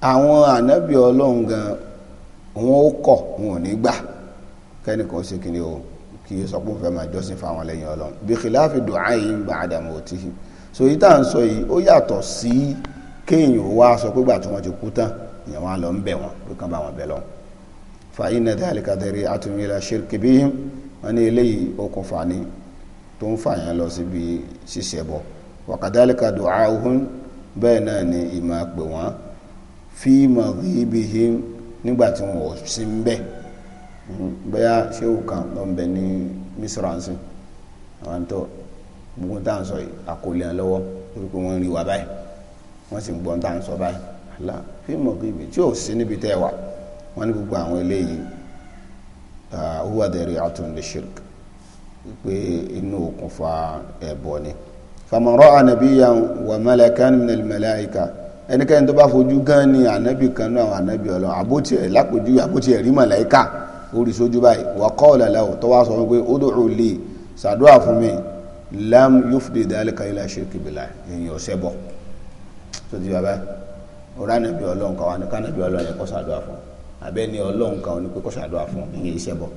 àwọn ànábì ọlọ́run gan wọn ó kọ̀ wọn ò ní gbà kẹ́nìkan ṣe kìíní o kì í sọ pé òun jọ́sìn fáwọn lẹ́yìn ọlọ́run bí kìláàfi dùn áyì ń gbà àdàmú òtí so yìí tá à ń sọ yìí ó yàtọ̀ sí kéèyàn ó wá sọ pé gbà tí wọ́n ti kú tán ìyẹn wọn lọ ń bẹ̀ wọn pé kán bá wọn bẹ̀ lọ fa inna dhalika dari'atun ila shirki bihim wọn ní eléyìí okùnfà ni tó ń fàyàn lọ síbi ṣíṣẹbọ wàkàdálíkà du'auhum bẹ́ẹ̀ náà ni ìmọ̀ pè wọ́n fi maghibihim nígbà tí wọ́n sí ń bẹ̀ bẹ́yà ṣéwù kan ló ń bẹ ní misransi àwọn tó gbogbo tá à ń sọ yìí àkọlé ẹ̀ lọ́wọ́ torí pé wọ́n ń rí wa báyìí wọ́n sì ń gbọ́n tá à ń sọ báyìí àlá fi maghibi tí ò sí níbi tẹ́ wà wọ́n ní gbogbo àwọn eléyìí huwa dhari'atun lishirk pé inú òkùnfà ẹbọ ni fàmọ̀rọ̀ ànàbíyà wà malakan minal malaika ẹnikẹ́ni tó bá fojú gan ni ànábì kan náà ànábì ọlọ́ àbótí ẹ̀ lápòjú àbótí ẹ̀ rí màláìka orí sójú báyìí wà kọ́ ọ̀làlà ò tó wá sọ wípé ó dòrò lè sàdúrà fún mi lam yufdi dhalika ila shirki billah èyí ọ̀sẹ̀ bọ̀ tó ti bàbá ọ̀rọ̀ ànábì ọlọ́run kan wà ní kánábì ọlọ́run yẹn kọ́ sàdúrà fún abẹ́ni ọlọ́run kan ní pé sàdúrà fún èyí ìṣẹ́bọ̀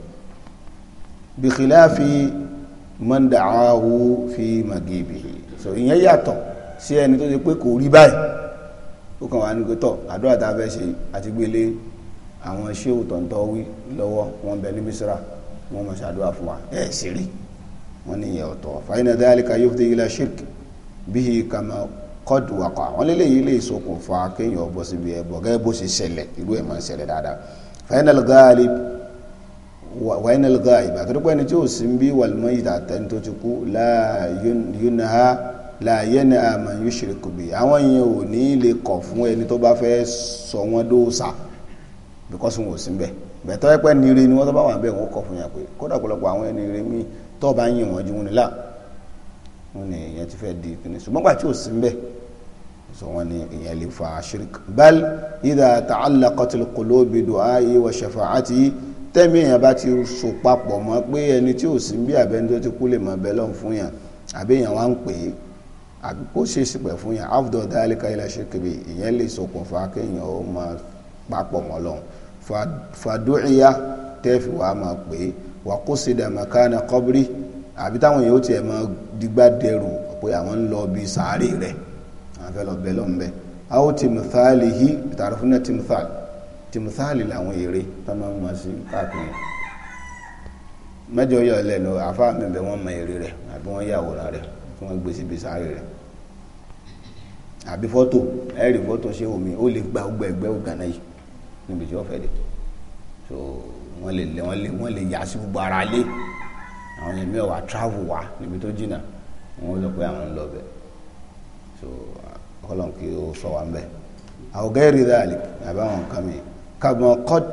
bí khilafi man da'ahu fi magibihi so ìyẹn yàtọ̀ sí ẹni tó ṣe pé kò rí báyìí ó kàn wá ní pé tọ̀ àdúrà tá a fẹ́ ṣe àti gbélé àwọn iṣẹ́ òtọ̀ntọ́ wí lọ́wọ́ wọn bẹ ní misra wọn mọ̀ ṣàdúrà fún wa ẹ̀ sì rí wọn ní ìyẹn ọ̀tọ̀ fàyínà dhalika yufdi ila shirk bihi kama qad waqa wọn lé léyìí lè ṣokùnfà kéèyàn bọ́ síbi ẹ̀bọ̀ gẹ́gẹ́ bó ṣe ṣẹlẹ̀ irú ẹ̀ máa ń ṣẹlẹ̀ dáadáa fàyínà al wainal ghaib àtúrúpọ̀ ẹni tí ó sì ń bí wàlúmọ́ yìí àtẹni tó ti kú láàyẹ́nà àmà yóò ṣe kùbì àwọn èèyàn ò ní lè kọ̀ fún ẹni tó bá fẹ́ sọ wọ́n dóòsà because wọn ò sí bẹ̀ bẹ̀tọ́ ẹpẹ́ ní ire ni wọ́n tó bá wà bẹ́ẹ̀ wọ́n kọ̀ fún yàn pé kódà ọ̀pọ̀lọpọ̀ àwọn ẹni ire míì tó bá ń yìn wọ́n ju wọn ni èèyàn ti fẹ́ di ìpínlẹ̀ ṣùgbọ́n pàtí ò sí bẹ́ẹ̀ sọ wọn ni èèyàn lè fa ṣirik bal idha ta'allaqatil qulubi du'a'i wa shafa'ati tẹ́mi èèyàn bá ti so papọ̀ mọ́ pé ẹni tí ò sí bí abẹ́ni tó ti kú lè mọ̀ bẹ́ẹ̀ lọ́n fún yàn àbí èèyàn wá ń pè é àbí kó ṣe sípẹ̀ fún yàn afdọ́ dáálíkà ilẹ̀ ṣe kiri ìyẹn lè ṣokùnfà kéèyàn ó máa papọ̀ mọ́ lọ́n fàdúrìyà tẹ́ẹ̀fì wàá máa pè é wà kó ṣe dàmàkánà kọ́bírí àbí táwọn èèyàn ó tiẹ̀ máa digbá dẹrù pé àwọn ń lọ bí sàárè rẹ̀ àwọn fẹ́ lọ bẹ́ẹ̀ lọ́n tìmùtáàlì làwọn ère tó máa ń mọ sí káàkiri mẹ́jọ yọ lẹ́nu àfáà mi bẹ wọn mọ ère rẹ àbí wọn yàwòrán rẹ tí wọn gbèsè bí sáré rẹ àbí fọ́tò ẹ̀rí fọ́tò ṣé omi ó lè gba ọgbà ẹgbẹ́ ògànà yìí níbi tí wọ́n fẹ́ dé so wọ́n lè lé wọ́n lè wọ́n lè yà sí gbogbo ara lé àwọn ẹ̀mí ọ̀wà travel wá níbi tó jìnnà wọ́n lọ pé àwọn ń lọ bẹ̀ so ọlọ́run kí ó sọ wa ń bẹ̀ àwọn gẹ́rì dáàlì àbí àwọn nǹkan mìíràn kama qad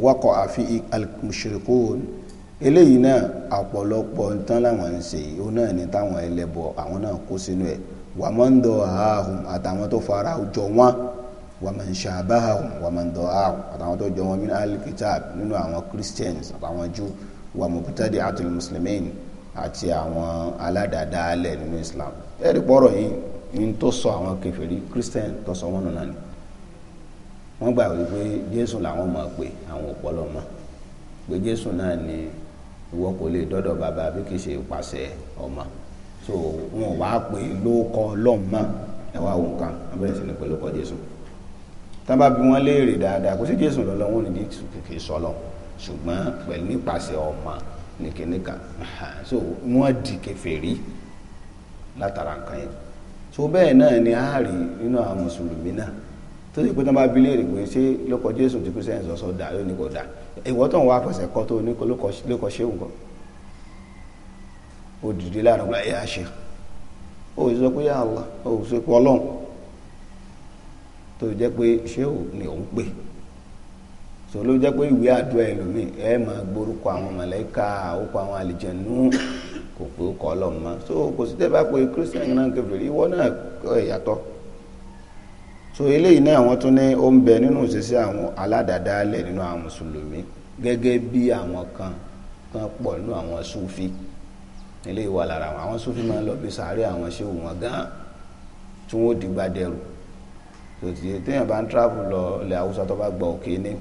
waqa'a fi al-mushrikun eléyìí náà àpọ̀lọpọ̀ ntán làwọn ń ṣe yìí ó náà ní táwọn ẹlẹ́bọ àwọn náà kó sínú ẹ̀ wa man àtàwọn tó fara jọ wọn wa man shabahahum wa man da'ahum àtàwọn tó jọ wọn min al nínú àwọn christians àtàwọn Júù wa mubtadi'atul muslimin àti àwọn aládàádáalẹ̀ nínú Islam ẹ̀rí pọ̀rọ̀ yìí ní tó sọ àwọn kèfèrí christian tó sọ wọn nù náà ni wọ́n gbà wípé jésù làwọn mọ̀ pé àwọn ọ̀pọ̀lọ́ mọ̀ pé jésù náà ni ìwọ kò lè dọ́dọ̀ bàbá bí kì í ṣe ìpàṣẹ ọmọ so wọn ò wá pé lóòkọ lọ́mọ ẹ wá òun kan wọn bẹ̀rẹ̀ sí ní pé lóòkọ jésù tán bá bí wọ́n léèrè dáadáa kò sí jésù lọ́lọ́ wọn ò ní kì í sọlọ ṣùgbọ́n pẹ̀lú nípasẹ̀ ọmọ nìkíníkà so wọ́n di kèfèrí látara nǹkan yẹn so bẹ́ẹ̀ náà ni a rí nínú àwọn mùsùlùmí náà tó sì pé tó bá bilé èrè pé ṣé lóko jésù tí kristian sọ sọ dà lónìí kò dà ìwọ tó ń wá fẹsẹ̀ kọ́ tó ní lóko ṣéwù kan ó dìde láàrin ọgbà ẹ̀yà ṣe ó sọ pé yà Allah ó sọ pé ọlọ́run tó jẹ́ pé ṣéwù ni òun pè so ló jẹ́ pé ìwé àdúrà ẹlòmíì ẹ máa gborúkọ àwọn màláíkà orúkọ àwọn àlìjẹ̀nú kò pé ó kọ́ ọlọ́run mọ́ so kò sí tẹ́ bá pé christian náà kẹfìrí ìwọ náà yàtọ̀ so eléyìí náà wọ́n tún ní ó ń bẹ nínú ìṣesí àwọn aládàádáálẹ̀ nínú àwọn mùsùlùmí gẹ́gẹ́ bí àwọn kan kan pọ̀ nínú àwọn súfì eléyìí wà lára wọn àwọn súfì máa ń lọ bí sàárẹ̀ àwọn ṣéwù wọn gan tí wọ́n ó dìgbà dẹrù tòtìyẹ téèyàn bá ń travel lọ ilẹ̀ haúsá tó bá gbọ́ òkè ní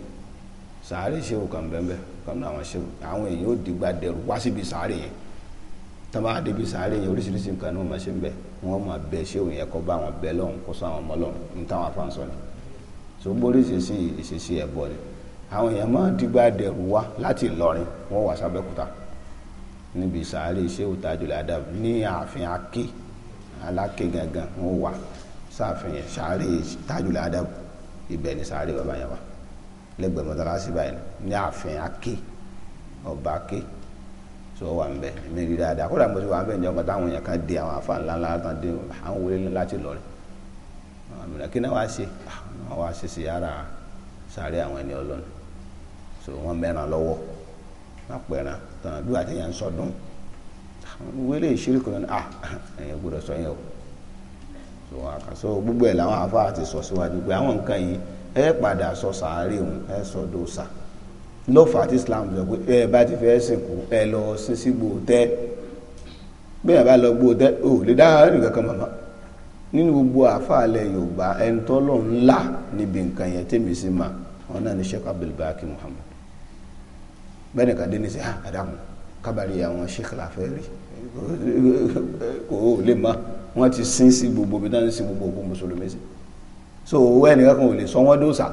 sàárẹ̀ ṣéwù kan bẹ́ẹ̀ kan ní àwọn ṣéwù àwọn èèyàn ó dìgbà dẹrù wá síbi sàárẹ̀ yẹn tó bá débi sàárẹ̀ yẹn oríṣiríṣi nǹkan ní wọ́n máa ṣe ń bẹ́ẹ̀ wọn máa bẹ ṣéwù yẹn kó bá wọn bẹ lọ́hùn kó sọ àwọn ọmọ lọ́hùn ní táwọn afáǹsọ ni tó gbórí ìṣesí ìṣesí ẹ̀bọ ni àwọn èèyàn máa dìgbà dẹ̀rù wá láti Ìlọrin wọn wà sábẹ́kúta níbi sàárè ṣéwù Tajul Adab ní ààfin Aké Aláké gangan wọn wà sáàfin yẹn sàárè Tajul Adab ibẹ̀ ni sàárè bàbá yẹn wà lẹ́gbẹ̀ẹ́ báyìí ní ààfin Aké ọba Aké so wà ń bẹ èmi rí dáadáa kódà mo ti wà ń bẹ ǹjọ́ kàtà àwọn èèyàn kan di àwọn àfa ńlá ńlá kan dé àwọn wọlé láti lọrin àmìnà kí náà wá ṣe àwọn wá ṣe sí ara sáré àwọn ẹni ọlọ́run so wọ́n mẹ́ràn lọ́wọ́ wọ́n pẹ̀ràn tàn bí wàá tẹ̀yàn ń sọdún wọlé ìṣírí kan náà ẹ̀yìn gbọ́dọ̀ sọ yẹn o so wọn kà so gbogbo ẹ̀ làwọn àfa ti sọ síwájú pé àwọn nǹkan yìí ẹ padà sọ sàárè òun ẹ sọ dòòsà ló fà á tí islam sọ pé ẹ bá ti fẹ́ sìnkú ẹ lọ sí sí gbòòtẹ́ bí ẹ bá lọ gbòòtẹ́ ò lè dá ẹnì kankan màmá nínú gbogbo àfàlẹ̀ yorùbá ẹni tọ́lọ̀ ńlá níbi nǹkan yẹn tèmi sí ma wọn náà ní sheikh abdulbaki muhammad bẹ́ẹ̀ nìkan dé ní sẹ́ àdàmú kábàárì àwọn sheikh láfẹ́ rí kò lè má wọ́n ti sin sí gbogbo bí dáná sí gbogbo òkú mùsùlùmí sí so owó ẹnìkan kan ò lè sọ wọ́n dóòsà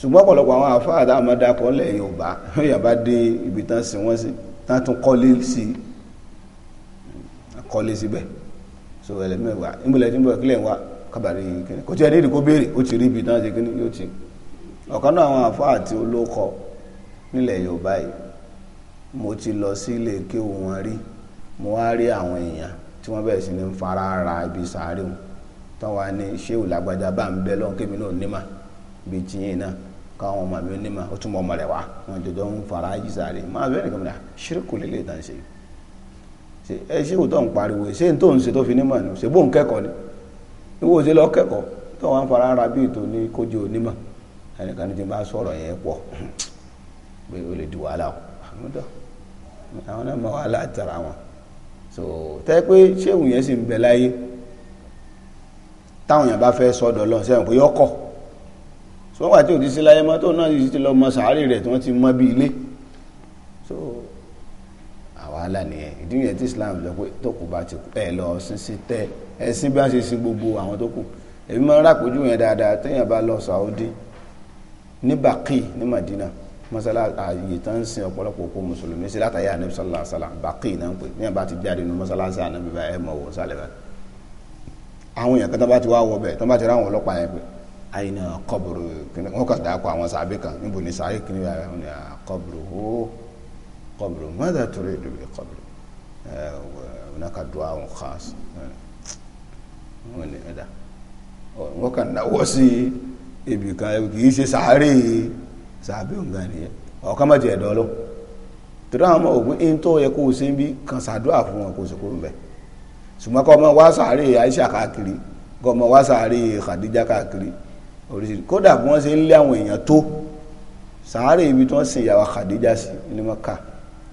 ṣùgbọ́n ọ̀pọ̀lọpọ̀ àwọn àfáà tá a máa dakọ̀ ńlẹ̀ yorùbá èèyàn bá dé ibi tán sí wọ́n sí tán tún kọ́lé sí kọ́lé síbẹ̀ so ẹlẹ́mẹ̀wá ìmúlẹ̀ tí mo kílẹ̀ wá kábàárì kíni kò tí ẹ nídìí kó béèrè ó ti rí ibi tán ṣe kíni yóò ti ọ̀kan náà àwọn àfáà tí ó ló kọ nílẹ̀ yorùbá yìí mo ti lọ sí ilé kéwù wọn rí mo wá rí àwọn èèyàn tí wọ́n bẹ̀rẹ̀ sí ní fara ara ibi sàárè wọn táwọn á ní ṣéwù lágbájá bá ń bẹ lọ́n náà nímà bíi tiyín náà káwọn ọmọ mi onímọ̀ ó tún mọ ọmọ rẹ̀ wá wọn jọjọ ń fara jísàárẹ̀ máa bẹ́ẹ̀ nìkan mìíràn le lélẹ̀ ìtàn ṣe ẹ ṣé òótọ́ ń pariwo ṣé n tó ń ṣe tó fi nímọ̀ ni ṣé bó ń kẹ́kọ̀ọ́ ni ìwọ ṣe lọ kẹ́kọ̀ọ́ tó wọn fara ara bí ètò ní kójú onímọ̀ ẹnìkan ní ti bá sọ̀rọ̀ yẹn pọ̀ pé o lè di wàhálà o àmúdọ̀ àwọn náà mọ wàhálà tara wọn so tẹ́ pé ṣéwù yẹn sì ń bẹ láyé táwọn yẹn bá fẹ́ sọ́dọ̀ lọ sẹ́wọ̀n pé yọkọ̀ so wà tí ò ti sí láyé mọ́ tó náà ti lọ mọ sàárì rẹ̀ tí wọ́n ti mọ bí ilé so àwàhálà nìyẹn ìdí yẹn tí Islam lọ pé tó kù bá ti ẹ lọ sínsín tẹ ẹ sí bí ṣe sin gbogbo àwọn tó kù èmi máa ń ràpójú yẹn dáadáa téèyàn bá lọ Saudi ní Baqi ní Madina mọ́sálásí ààyè tó ń sin ọ̀pọ̀lọpọ̀ òkú mùsùlùmí sí látàyà ànábì sallallahu alaihi wasallam Baqi náà ń pè téèyàn bá ti jáde nínú mọ́sálásí ànábì bá ẹ̀ mọ̀ wọ́n sálẹ̀ báyìí àwọn èèyàn kan tó bá ti wá wọ bẹ̀ tó bá ti ráwọn ọlọ́pàá yẹn pè àyìnà kọbùrù kìnìún wọn kàn dàpọ̀ àwọn sàbí kan níbo ni sàárè kìnìún yà wọn ni kọbùrù hó kọbùrù mọ́tà torí ìdòwì kọbùrù ẹ wọn kà dùn àwọn khas wọn ni ẹ̀dá wọn kàn náwó sí ibì kan kì í ṣe sàárè sàbí òǹgà nìyẹn ọ̀kan má ti ẹ̀dọ́ ló torí àwọn ọmọ ògùn ẹni tó yẹ kó o ṣe ń bí kan ṣàdúrà fún wọn kó o sì kúrò ń bẹ̀ ṣùgbọ́n kọ́ ọmọ wá sàárè Aisha káàkiri kọ́ ọmọ wá sàárè Khadija oríṣiríṣi kódà bí wọ́n ṣe ń lé àwọn èèyàn tó sàárè ibi tí wọ́n sin ìyàwó Khadija sí ní Mẹ́kà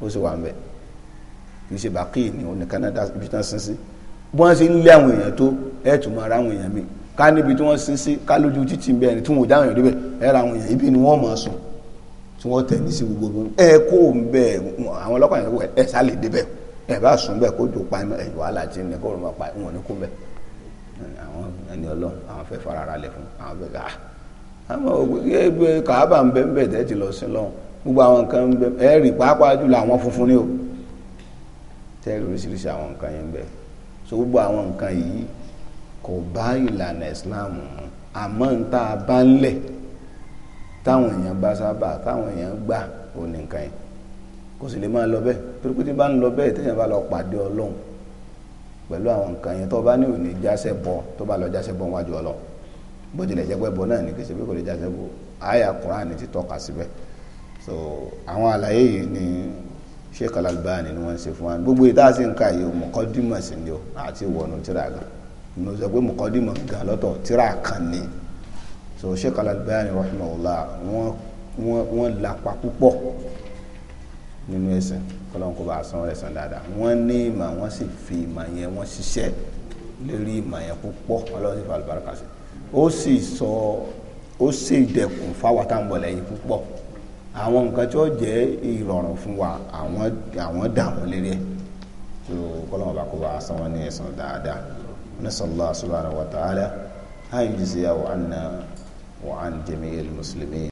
ó sì wà ń bẹ̀ kì í ṣe bàkì ní òní Canada ibi tí wọ́n sin sí bí wọ́n ṣe ń lé àwọn èèyàn tó ẹ̀ tún máa ra àwọn èèyàn mi ká níbi tí wọ́n sin sí ká lójú títì ń bẹ̀ ẹni tí wọ́n dáhùn ìrírí bẹ̀ ẹ̀ ra àwọn èèyàn ibi ni wọ́n máa sùn tí wọ́n tẹ̀ ní sí gbogbo ẹ̀ kó ń bẹ̀ àwọn ọlọ́pàá yẹn ẹ̀ sálè débẹ̀ ẹ̀ bá sùn bẹ̀ kó jò pa ẹ̀ wàhálà tí ń lẹ̀ kó rò máa pa ẹ̀ wọ́n ní kó bẹ̀ àwọn ẹni ọlọ́run àwọn fẹ́ fara ara lẹ̀ fún àwọn fẹ́ káà ah, àmọ́ ẹgbẹ́ kàábà ń bẹ ń bẹ tẹ́ ti lọ sí lọ́hùn gbogbo àwọn nǹkan ń bẹ ẹ rí pàápàá jùlọ àwọn funfun ni o tẹ́rì oríṣiríṣi àwọn nǹkan yẹn ń bẹ so gbogbo àwọn nǹkan yìí kò bá ìlànà Islam mu àmọ́ ń tá a bá ń lẹ̀ táwọn èèyàn bá sábà táwọn èèyàn gbà ò ní nǹkan yẹn kò sì lè máa lọ bẹ́ẹ̀ torí pé tí bá ń lọ bẹ́ẹ̀ téèyàn bá lọ pàdé Ọlọ́run pẹ̀lú àwọn nǹkan yẹn tó bá ní òní jásẹ̀ bọ́ tó bá lọ jásẹ̀ bọ́ wájú ọlọ bó tilẹ̀ jẹ́ pẹ́ bọ́ náà ní kìí ṣe pé kò lè jásẹ̀ bọ́ àyà Kùránì ti tọ́ka síbẹ̀ so àwọn àlàyé yìí ni Sheikh Al-Albani ni wọ́n ń ṣe fún wa gbogbo ìta sí nǹka yìí mọ̀kọ́dímọ̀ sí ni o àti wọnú tíra gan mo sọ pé mọ̀kọ́dímọ̀ gan lọ́tọ̀ tíra ni so Sheikh Al-Albani rahimahullah wọ́n wọ́n wọ́n lapa púpọ̀ nínú ẹ̀sìn kọ́lọ́n kó bá san rẹ̀ san dáadáa wọ́n ní ìmọ̀ wọ́n sì fi ìmọ̀ yẹn wọ́n ṣiṣẹ́ lórí ìmọ̀ yẹn púpọ̀ ọlọ́run sì fa àlùbáríkà sí ó sì sọ ó sì dẹkùn fáwọn táwọn lẹ́yìn púpọ̀ àwọn nǹkan tí ó jẹ́ ìrọ̀rùn fún wa àwọn àwọn dààmú lérí ẹ̀ tó kọ́lọ́n bá kó bá san wọn ní ẹ̀san dáadáa nasallahu subhanahu wa ta'ala an yujziyahu anna wa an jami'il muslimin